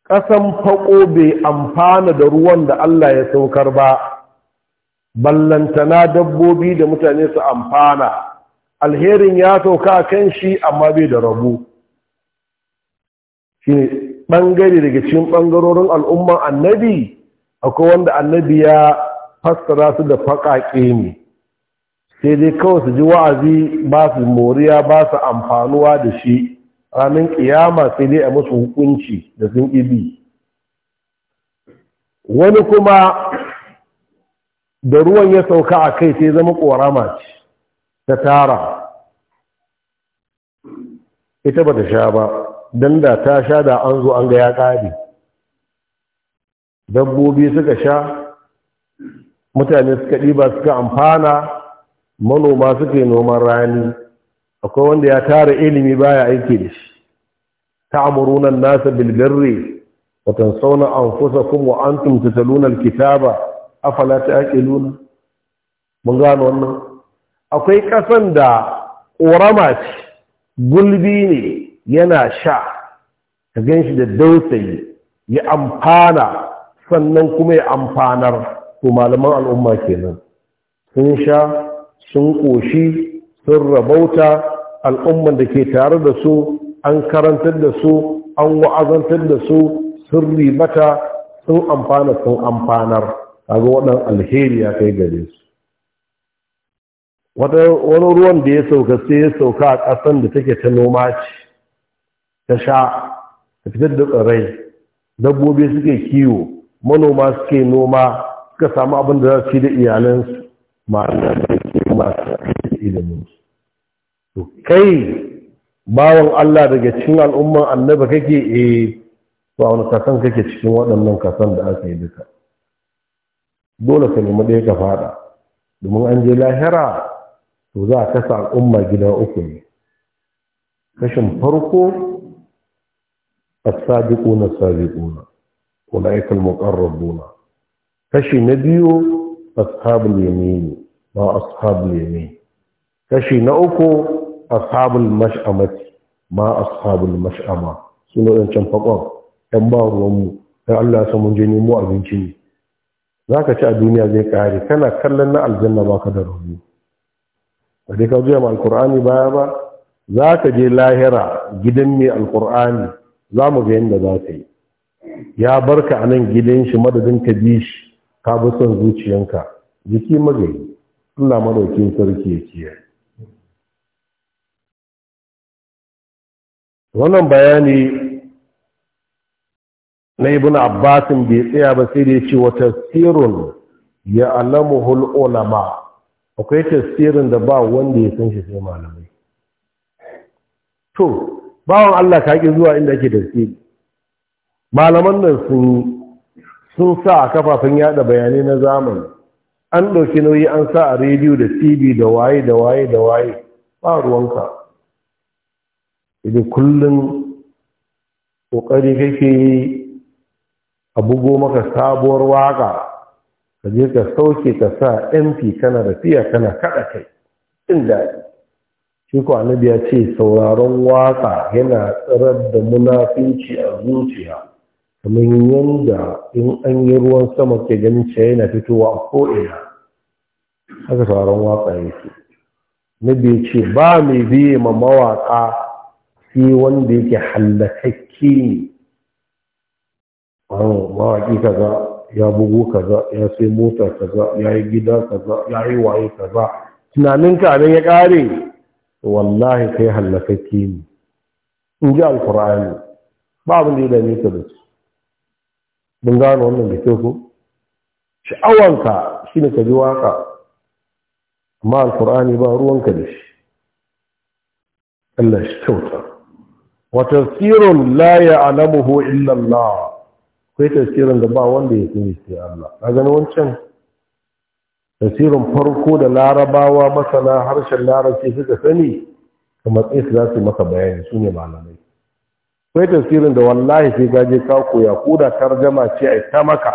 [SPEAKER 1] ƙasan faƙo bai amfana da ruwan da Allah ya saukar ba ballantana dabbobi da mutane su amfana alherin ya sauka a kan shi amma bai da rabu shi ɓangare daga cikin ɓangarorin al'umman annabi akwai wanda annabi ya fassara su da faƙaƙe ne sai dai kawai su ji wa'azi ba su moriya ba su amfanuwa da shi ranar ƙiyama sai dai a musu hukunci da sun ibi wani kuma da ruwan ya sauka a kai sai zama ƙorama ce ta tara ita ba ta sha ba don da ta sha da an zo an ga ya ƙari dabbobi suka sha mutane suka ɗiba suka amfana manoma suke noman rani akwai wanda ya tara ilimi baya aiki da shi ta'muruna amurunan nasa Bilgarri, watan wa tansawna anfusakum wa antum tatluna kitaba afala luna, mun gano wannan akwai kasan da ƙorama ce gulbi ne yana sha ka gan shi da dausayi ya amfana sannan kuma ya amfanar ko malaman al'umma kenan sun sha sun ƙoshi sun rabauta al'umman da ke tare da su an karantar da su an wa'azantar da su sun ribata sun amfana sun amfanar ga waɗannan alheri ya kai gare su wani ruwan da ya sauka sai ya sauka a ƙasan da take ta noma ce ta sha ta fitar da tsirrai dabbobi suke kiwo manoma suke noma suka samu abin da za su ci da iyalansu ma'ana masu to kai bawan Allah daga cikin al'umman annaba kake eh to a wani kasan kake cikin waɗannan kasan da aka yi duka dole ka nemi ɗaya ka faɗa domin an je lahira to za a kasa al'umma gida uku ne kashin farko as-sabiquna as-sabiquna ulaika al-muqarrabuna kashi na biyu ashabul ne ma ashabul yamin kashi na uku ashabul mash'amati ma ashabul mash'ama Suna wancan fakon ɗan ba mu. Sai Allah ya san mun je abinci ne zaka ci a duniya zai kare kana kallon na aljanna baka da rubu ba dai ka zuya ma alqur'ani baya ba zaka je lahira gidan mai alqur'ani za mu ga yadda za ka yi ya barka a nan gidan shi madadin ka bi shi ka bi son zuciyanka jiki magayi Allah madaukin sarki ya wannan bayani na ibn abbasin bai tsaya ba sai da ya ce wata sirrun ya alamu ulama akwai tasirin da ba wanda ya san shi sai malamai to bawan Allah ka ki zuwa inda ake tasiri malaman nan sun sa a kafafen yada bayanai na zamani an ɗauki nauyi an sa a rediyo da tv da waye da waye da waye ba ruwanka idan kullum ƙoƙari kake yi a bugo maka sabuwar waƙa. ka je ka sauke ka sa mp kana rafiya kana kaɗa kai jin daɗi shi ko annabi ya ce sauraron waƙa yana tsirar da munafinci a zuciya kamar yadda in an yi ruwan sama ke ganin ce yana fitowa a ko'ina haka sauran watsa yake na biyu ce ba mai biye ma mawaƙa sai wanda yake hallakakki ne mawaƙi kaza ya bugu kaza ya sai mota kaza ya yi gida kaza ya yi waye kaza tunaninka abin ya ƙare wallahi kai hallakakke ne in ji alkur'ani ba abin da ya dame ka da su mun gano wannan da kyau ko sha'awanka shine ka ji waka amma alqur'ani ba ruwanka da shi Allah shi kyauta wa tafsirun la ya'lamuhu illa kai tsirin da ba wanda ya sani sai Allah a gani wancan tsirin farko da larabawa masana harshen larabci suka sani kamar tsaye za su maka bayani su ne malamai Akwai tasirin da wallahi sai ka ka koya ko da tarjama ce ai ta maka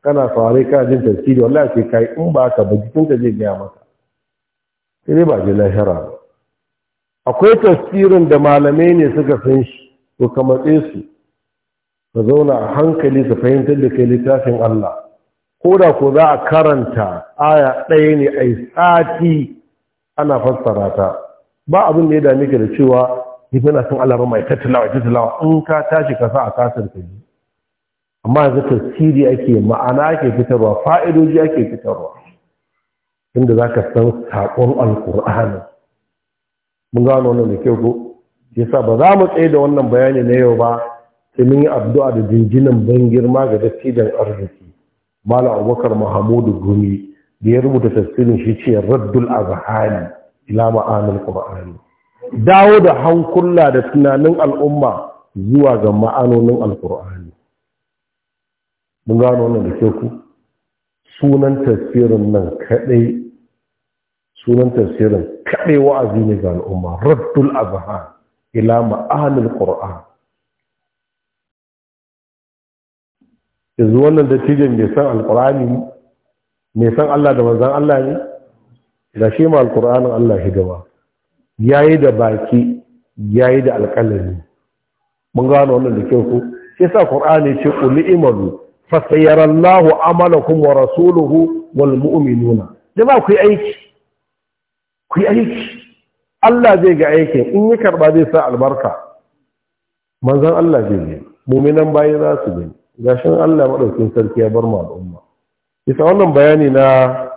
[SPEAKER 1] kana saurare ka jin tafsiri wallahi sai kai in ba ka ba jikin ka zai gaya maka sai dai ba ji lahira akwai tafsirin da malamai ne suka san shi to ka matse su ka zauna a hankali su fahimtar da kai littafin Allah ko da ko za a karanta aya ɗaya ne ai sati ana fassara ta ba abin da ya dame ka da cewa ni na son Allah mai tattalawa tattalawa in ka tashi kasa a kasar ka ji amma yanzu tafsiri ake ma'ana ake fitarwa fa'idoji ake fitarwa inda za ka san saƙon alƙur'ani mun gano wannan da kyau ko yasa ba za mu tsaye da wannan bayani na yau ba sai mun yi addu'a da jinjinan ban girma ga dattijan arziki mala abubakar mahamudu gumi da ya rubuta tafsirin shi ce raddul azhari ila ma'anil qur'ani dawo da hankula da tunanin al'umma zuwa ga ma'anonin alkur'ani mun gano wannan da ke ku sunan tafsirin nan kaɗai sunan tafsirin kaɗai wa'azi ne ga al'umma raddul azhan ila ma'anil qur'an yanzu wannan dattijan mai san alkur'ani mai san Allah da manzan Allah ne da shi ma alkur'anin Allah hidima yayi da baki yayi da alƙalami mun gano wannan da kyau ko sai sa qur'ani ce qul imalu fa sayarallahu amalakum wa rasuluhu wal mu'minuna da ba ku aiki ku aiki Allah zai ga aiki in ya karba zai sa albarka manzon Allah zai ga mu'minan bayi za su gani gashin Allah madaukin sarki ya bar mu al'umma isa wannan bayani na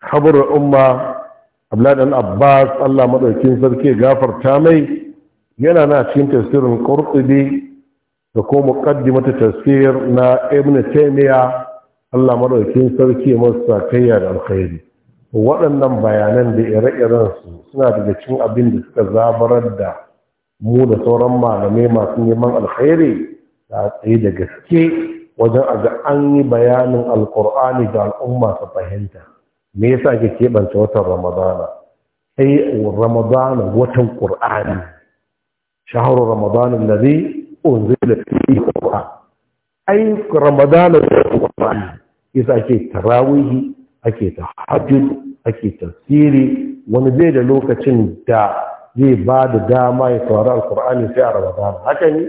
[SPEAKER 1] habar umma abdullahi dan abbas allah madaukin sarki gafarta mai yana na cikin tafsirin qurtubi da ko muqaddimatu tafsir na ibn taymiya allah madaukin sarki masa kayyar da alkhairi waɗannan bayanan da ire-iren su suna daga cikin abin da suka zabarar da mu da sauran malamai masu neman alkhairi da tsaye da gaske wajen a ga an yi bayanin alkur'ani da al'umma su fahimta me yasa ake keɓance watan ramadana ai ramadana watan qur'ani shahru ramadana alladhi unzila fihi alquran ai ramadana watan yasa ake tarawihi ake tahajjud ake tafsiri wani zai da lokacin da zai ba da dama ya saurari alƙur'ani sai a ramadana haka ne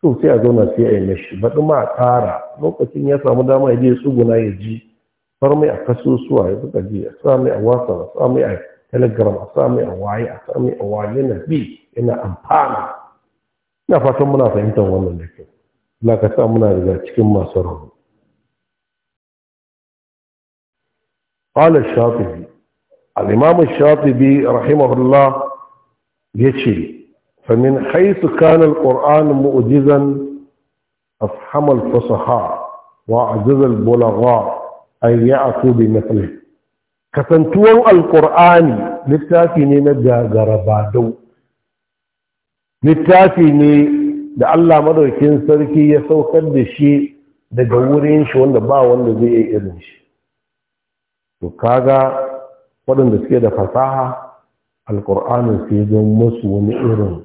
[SPEAKER 1] to sai a zauna sai a yi mashi baɗi ma a ƙara lokacin ya samu dama ya je tsuguna ya ji صامع قسوسوا بقدي صامع أواصل صامع أي صامع waye صامع waye na نبي إن amfana ina fatan muna fahimtar wannan da kyau Allah ka sa muna قال الشاطبي الإمام الشاطبي رحمه الله يشي فمن حيث كان القرآن مؤجزا أفحم الفصحاء وأعجز البلغاء an ya'tu bi mithlihi kasantuwan alkur'ani littafi ne na gagarabadau littafi ne da allah madaukin sarki ya saukar da shi daga wurin shi wanda ba wanda zai yi irin shi to kaga waɗanda suke da fasaha alkur'anin su yi don masu wani irin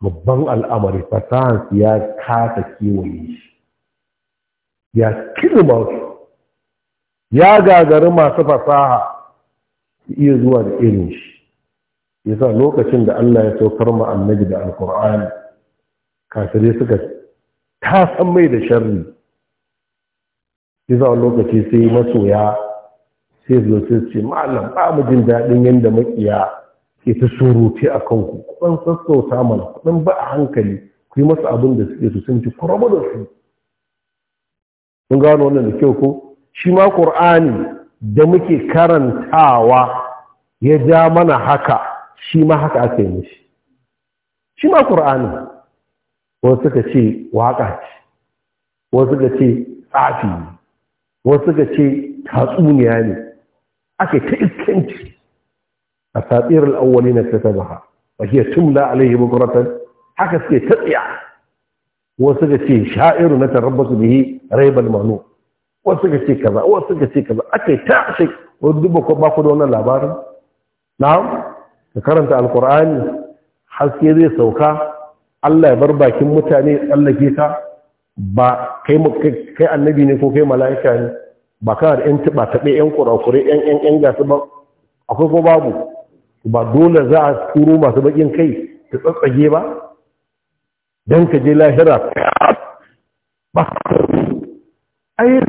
[SPEAKER 1] babban al'amari fasahansu ya kata kewaye shi ya ba su ya gagari masu fasaha su iya zuwa da irin shi yasa lokacin da Allah ya saukar mu annabi da alkur'ani kafirai suka san mai da sharri yasa lokaci sai masoya sai zo sai ce malam ba mu jin daɗin yadda makiya ke ta surutu a kan kanku kuɗin sassauta mana kuɗin ba a hankali ku yi masa abin da suke su sun ci kurama da su Sun gano wannan da kyau ko shi ma ƙur'ani da muke karantawa ya ja mana haka shi ma haka aka yi mishi shi ma ƙur'ani wasu ka ce waƙa ce wasu ka ce tsafi ne wasu ka ce tatsuniya ne ake ta iskanci a tsatsiyar al'awwali na ta taba, a ke tumla alaihi bukuratan haka suke ta tsiya wasu ka ce sha'iru na tarabbasu yi raibal manu wasu ga ce kaza wasu ga ce kaza akai ta ce wani duba ko baku da wannan labarin na'am ka karanta alkur'ani haske zai sauka Allah ya bar bakin mutane ya tsallake ka ba kai kai annabi ne ko kai mala'ika ne ba ka da ba ta tabe yan kurakure yan yan yan gasu ba akwai ko babu ba dole za a turo masu bakin kai ta tsatsage ba dan ka je lahira ba ka ai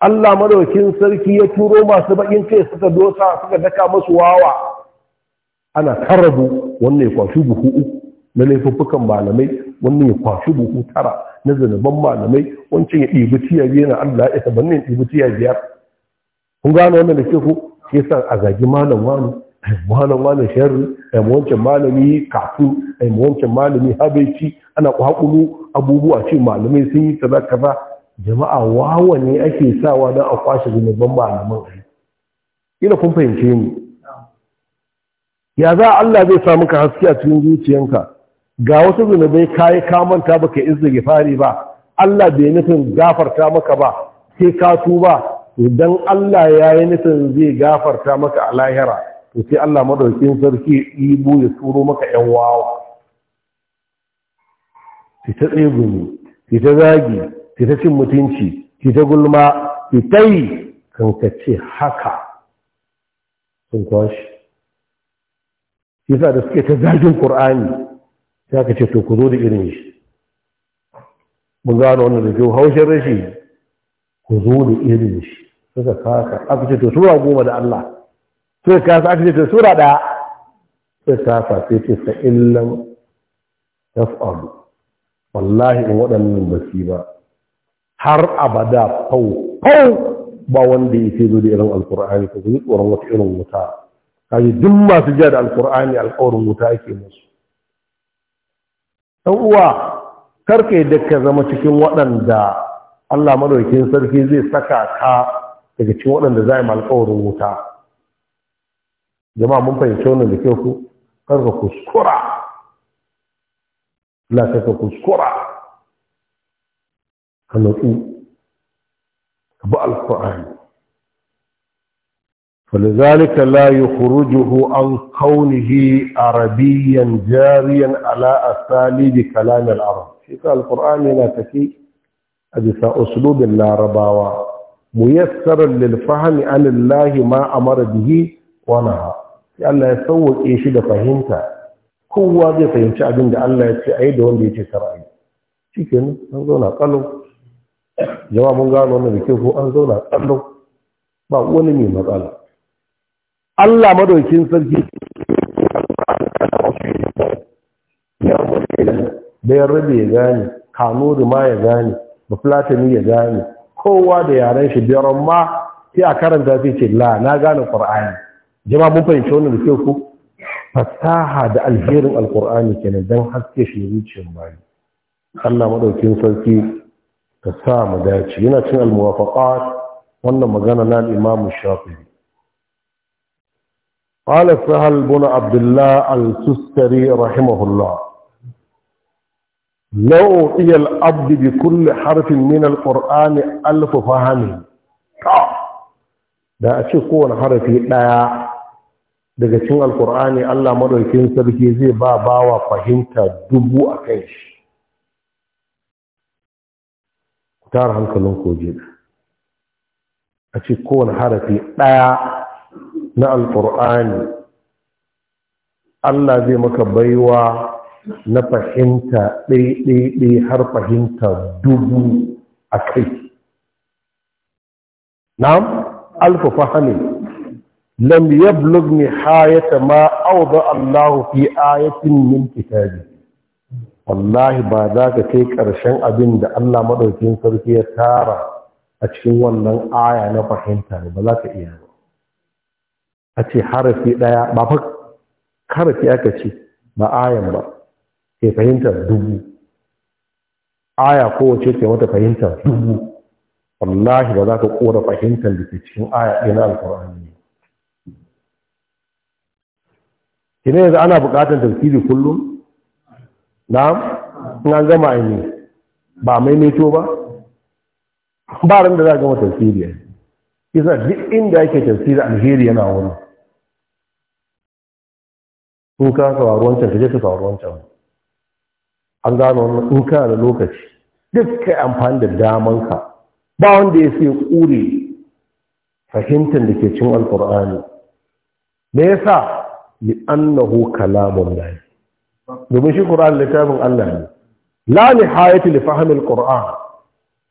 [SPEAKER 1] Allah madaukin sarki ya turo masu bakin kai suka dosa suka daka masu wawa ana karabu wannan ya kwashi buhu uku na laifuffukan malamai wannan ya kwashi buhu tara na zanaban malamai wancan ya ɗibi tiya na Allah ya saba ya ɗibi tiya biyar kun gano wannan da ke ku ya sa a zagi malam wani malam wani sharri ai wancan malami kafu ai wancan malami habaici ana kwakulu abubuwa ce malamai sun yi kaza kaza jama'a wawa ne ake sawa don a kwashe zunuban malaman ai ina kun fahimce ni ya za Allah zai samu ka haske a cikin zuciyanka ga wasu zunubai kayi ka manta baka izza fari ba Allah bai nufin gafarta maka ba sai ka tuba idan Allah ya yi nufin zai gafarta maka a lahira to sai Allah madaukin sarki ibo ya turo maka yan wawa ki ta tsegumi ki ta zagi ki ta cin mutunci ki ta gulma ki ta yi kankace haka sun kwashi sa da suke ta zagin ƙur'ani ya ka ce to ku zo da irin shi mun gano wannan da kyau haushin rashi ku zo da irin shi suka kasa aka ce to sura goma da Allah suka kasa aka ce to sura ɗaya suka kasa sai ce illan taf'alu wallahi in waɗannan basi ba har abada fau fau ba wanda ya ce zo da irin alkur'ani ko kuma tsoron wata irin wuta kaji duk masu jiya da alkur'ani alƙawarin wuta ake musu ɗan uwa karka yadda ka zama cikin waɗanda Allah maɗaukin sarki zai saka ka daga cikin waɗanda za a yi alƙawarin wuta jama'a mun fahimci wannan da kyau ku karka kuskura Allah sai ka kuskura ka natsu ka bi alkur'ani فلذلك لا يخرجه عن كونه عربيا جاريا على أساليب كلام العرب شيخ القرآن لا تكي أجسى أسلوب العرباوة ميسرا للفهم عن الله ما أمر به ونهى الله يسوق إيش فهمته kowa zai fahimci abin da Allah ya ce a yi da wanda ya ce kar a yi shi ke nan an zauna kallo, jama'a mun gano wannan da ke ko an zauna kallo ba wani mai matsala Allah madaukin sarki da ya rabe ya gane kanuri ma ya gane bafulatani ya gane kowa da yaren shi biyar ma sai a karanta sai ce la na gane ƙwar'ani jama'a mun fahimci wannan da ke ko fasaha da alherin alkur'ani kenan don haske shi zuciyar bayi Allah madaukin sarki ka sa mu dace yana cin almuwafaqat wannan magana na al-Imam Shafi'i qala sahal bin Abdullah al-Sustari rahimahullah لو إلى الأبد بكل harfin من القرآن ألف فهم da a ce kowane harafi ɗaya daga cin alkur'ani Allah maɗaukin sarki zai ba bawa fahimta dubu a kan shi ku tara hankalin koje a ce kowane harafi ɗaya na alkur'ani Allah zai maka baiwa na fahimta ɗaiɗaiɗai har fahimta dubu a kai Na alfafa hannu. lam yablug nihayata ma awda Allah fi ayatin min kitabi wallahi ba za ka kai ƙarshen abin da Allah madaukakin sarki ya tara a cikin wannan aya na fahimta ne ba za ka iya ba a ce harafi ɗaya ba fa harafi aka ce ba ayan ba ke fahimtar dubu aya kowace ke mata fahimtar dubu wallahi ba za ka kora fahimtar da ke cikin aya ɗaya na alƙur'ani kina yanzu ana buƙatar tafsiri kullum na'am na gama aini ba maimaito ba ba ran da za a gama tafsiri kisa duk inda yake tafsiri alheri yana wani. in ka saurari wancan ta je ka saurari wancan an gano wannan in ka da lokaci duk kai amfani da ka. ba wanda ya sai kure fahimtar da ke cin alqur'ani me yasa li annahu kalamun domin shi qur'an littafin Allah ne la nihayati li fahmi ba quran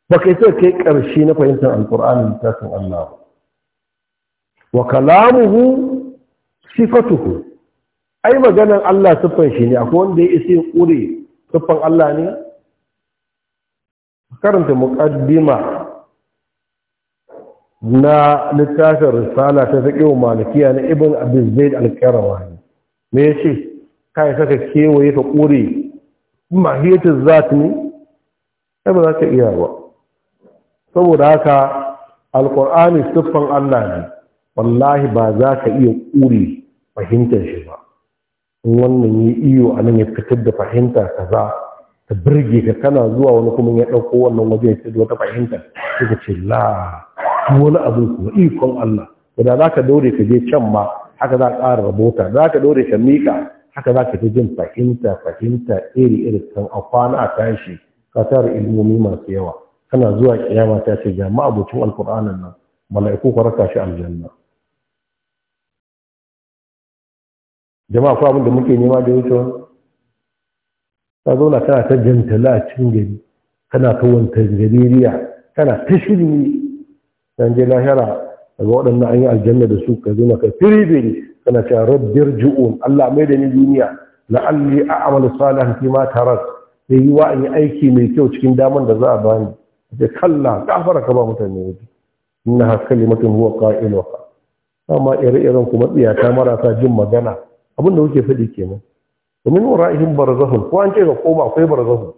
[SPEAKER 1] baka sai kai karshe na fahimtar al-qur'an littafin Allah wa kalamuhu sifatuhu ai maganan Allah siffan shi ne akwai wanda ya isa ya ƙure siffan Allah ne karanta muqaddima na littafin risala ta fiƙi wa malikiya na ibin abin zai wa ne me ya ce kai saka kewaye ka ƙure mahiyatin zat ne sai ba za ka iya ba saboda haka alƙur'ani siffan allah ne wallahi ba za ka iya ƙure fahimtar shi ba in wannan yi iyo a nan ya fitar da fahimta kaza ta birge ka kana zuwa wani kuma ya ɗauko wannan waje ya ce wata fahimta suka ce la wani abin kuma ikon Allah wadda za ka dore ka je can ma haka za a ƙara rabota za ka dore ka miƙa haka za ka ta jin fahimta fahimta iri iri kan a kwana a tashi ka tara ilimomi masu yawa kana zuwa kiyama ta ce ga ma'abucin alƙur'anin nan mala'iku ku raka shi aljanna jama'a ko abin da muke nema da wucewa ka zauna kana ta jantala a cikin gari kana ta jaririya kana ta shirme dan je lahira daga waɗannan an yi aljanna da su ka na kai firibiri kana cewa rabbir ju'un Allah mai da ni duniya la'alli a'malu salihan fi ma tarak Sai yi wa an yi aiki mai kyau cikin daman da za a bani da kalla gafara ka ba mutane waje inna ha kalimatun huwa qailuha amma ire-iren kuma tsiyata marasa jin magana abin da kuke faɗi kenan domin wara'ihim barzahun ko an ce ka koma akwai barzahun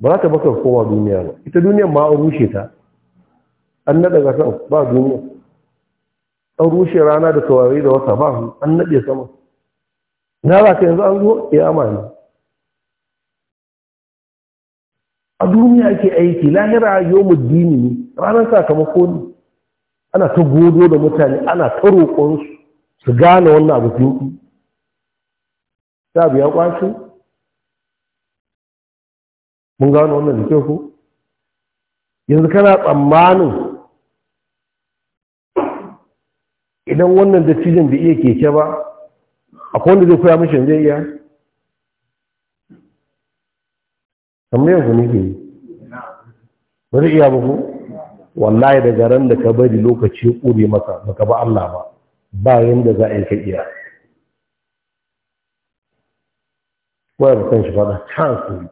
[SPEAKER 1] ba za ta baka koma duniya ba ita duniyar ma an rushe ta an naɗa gasan ba duniya an rushe rana da taurari da wata ba su an naɗe sama na za ka yanzu an zo ya amani. a duniya ake aiki lahira yau dini ne ranar sakamako ne ana ta godo da mutane ana ta roƙonsu su gane wannan abu tunki ta biya kwace mun gano wannan da kyau ko yanzu kana tsammanin idan wannan dattijan bai iya keke ba a wanda zai koya mashi zai iya tambayar ku nake yi ba zai iya ba ku wallahi daga ran da ka bari lokaci ƙure maka baka ba Allah ba bayan da za a yi ka iya da kan shi fada chance ne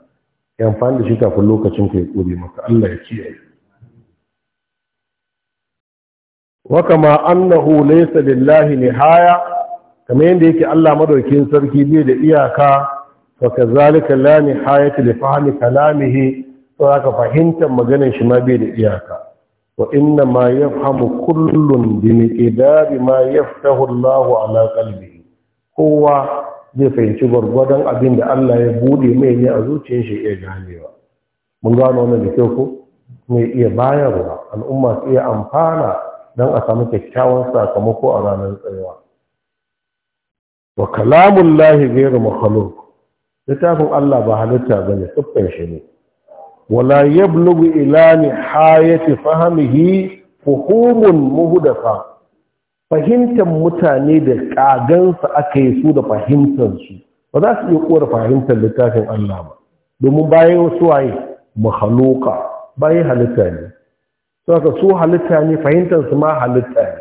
[SPEAKER 1] yan da shi kafin lokacin ka ya ƙure maka Allah ya kiyaye wa kama annahu laysa lillahi nihaya kamar yadda yake Allah madaukin sarki bai da iyaka fa kazalika la nihayata li fahmi kalamihi to aka fahimtar maganar shi ma bai da iyaka wa inna ma yafhamu kullun bi miqdari ma yaftahu Allahu ala qalbihi kowa zai fahimci gwargwadon abin da Allah ya bude mai ne a zuciyar shi iya ganewa mun gano wannan da kyau ko mai iya bayarwa al'umma su iya amfana don a samu kyakkyawan sakamako a ranar tsayawa wa kalamun lahi gairu makhluk littafin Allah ba halitta ba ne tsuffin shi ne wala yablugu ila ni hayati fahimihi fuhumun muhudafa? fahimtar mutane da ƙagansa aka yi su da fahimtar su ba za su iya kora fahimtar littafin Allah ba domin bayan wasu waye mahaluka bayan halitta ne saka su halitta ne fahimtar su ma halitta ne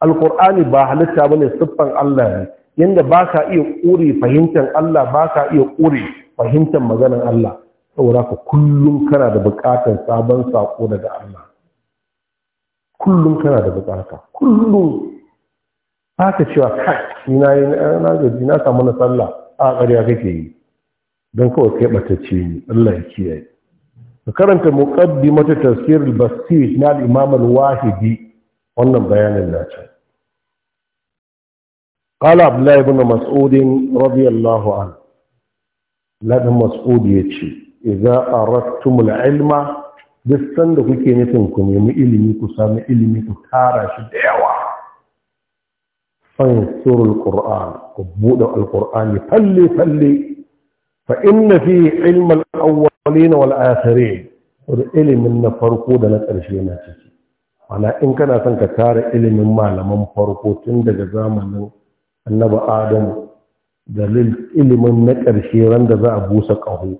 [SPEAKER 1] alkur'ani ba halitta bane siffan Allah ne yanda ba ka iya ƙure fahimtar Allah ba ka iya ƙure fahimtar maganar Allah saboda ka kullum kana da buƙatar sabon sako daga Allah kullum kana da buƙata kullum ba ka cewa kai yi. na yi na gaji na samu na sallah a ƙarya kake yi don kawai kai ɓatacce ne Allah ya kiyaye ka karanta muqaddimatu tafsir al-basit na al-imam al-wahidi wannan bayanin na ce qala abdullah ibn mas'ud radiyallahu anhu ladan mas'ud yace idza aradtum al-ilma duk sanda kuke nufin ku nemi ilimi ku sami ilimi ku tara shi da yawa fansurul qur'an ku buɗe alqur'ani falle falle فإن فيه علم الأولين والآخرين ilimin na farko da na karshe na ciki ana in kana son ka tara ilimin malaman farko tun daga zamanin annabi adam da ilimin na ran da za a busa ƙaho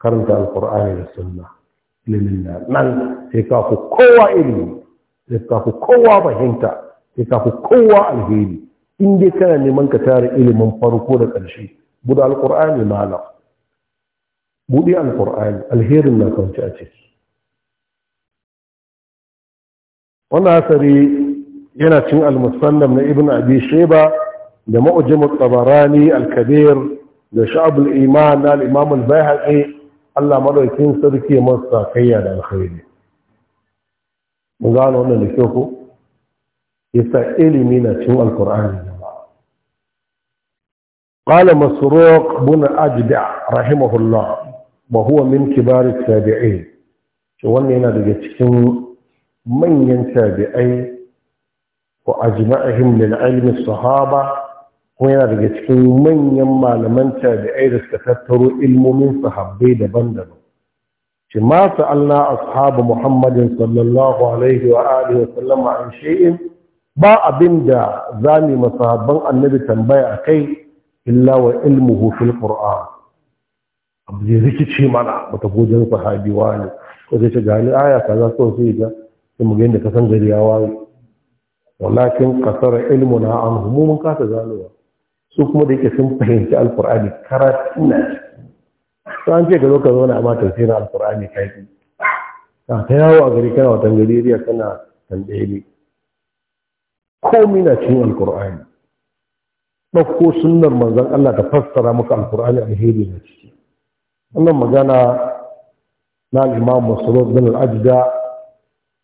[SPEAKER 1] karanta alkur'ani da sunna ilimin na nan sai ka kowa ilimi sai ka kowa fahimta sai ka kowa alheri in je kana neman ka tara ilimin farko da ƙarshe buda alkur'ani malam buɗe alƙur'ani alherin na kwanci a ciki wannan asari yana cin almusallam na ibn abi sheba da ma'ujimu tsabarani alkabir da sha'abul iman na al'imamul bai haƙe allah maɗaukin sarki masa kayya da alkhairi mun gano wannan da kyau ku? yasa ilimi na cin alkur'ani قال مسروق بن أجدع رحمه الله wa min kibari tabi'in shi wannan yana daga cikin manyan tabi'ai wa ajma'ihim lil ilmi sahaba kuma yana daga cikin manyan malaman tabi'ai da suka tattaro ilmomin sahabbai daban-daban shi ma sa'alna ashabu muhammadin sallallahu alaihi wa alihi wa sallama an ba abinda zami masahabban annabi tambaya akai illa wa ilmuhu fil qur'an abu zai rikice mana ba ta gojin sahabi wani ko zai ce gani aya kaza ko sai ga sai mu gani da kasan gari ya waye walakin kasara na an mu mun kasa ganowa su kuma da yake sun fahimci alqur'ani karatuna to an ce ka zo ka zauna amma tafsirin ka yi ka ta yawo a gari kana watan gari riya kana tambaye ne komai na cikin alqur'ani ɗauko sunnar manzon Allah ta fassara maka alqur'ani alheri na ciki wannan magana na imam musulun bin al'ajida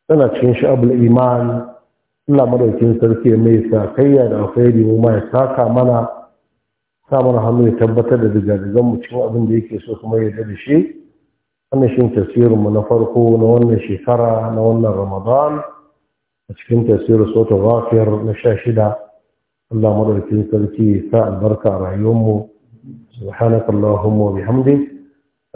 [SPEAKER 1] tana cikin sha'abul iman Allah madaukin sarki mai sa kayya da alkhairi mu ma ya saka mana sa mana hannu ya tabbatar da digadigan mu cikin abin da yake so kuma ya da shi Ana shin tasirin mu na farko na wannan shekara na wannan ramadan a cikin tasirin sotu na sha shida Allah madaukin sarki ya sa albarka a rayuwar mu subhanakallahumma wa bihamdika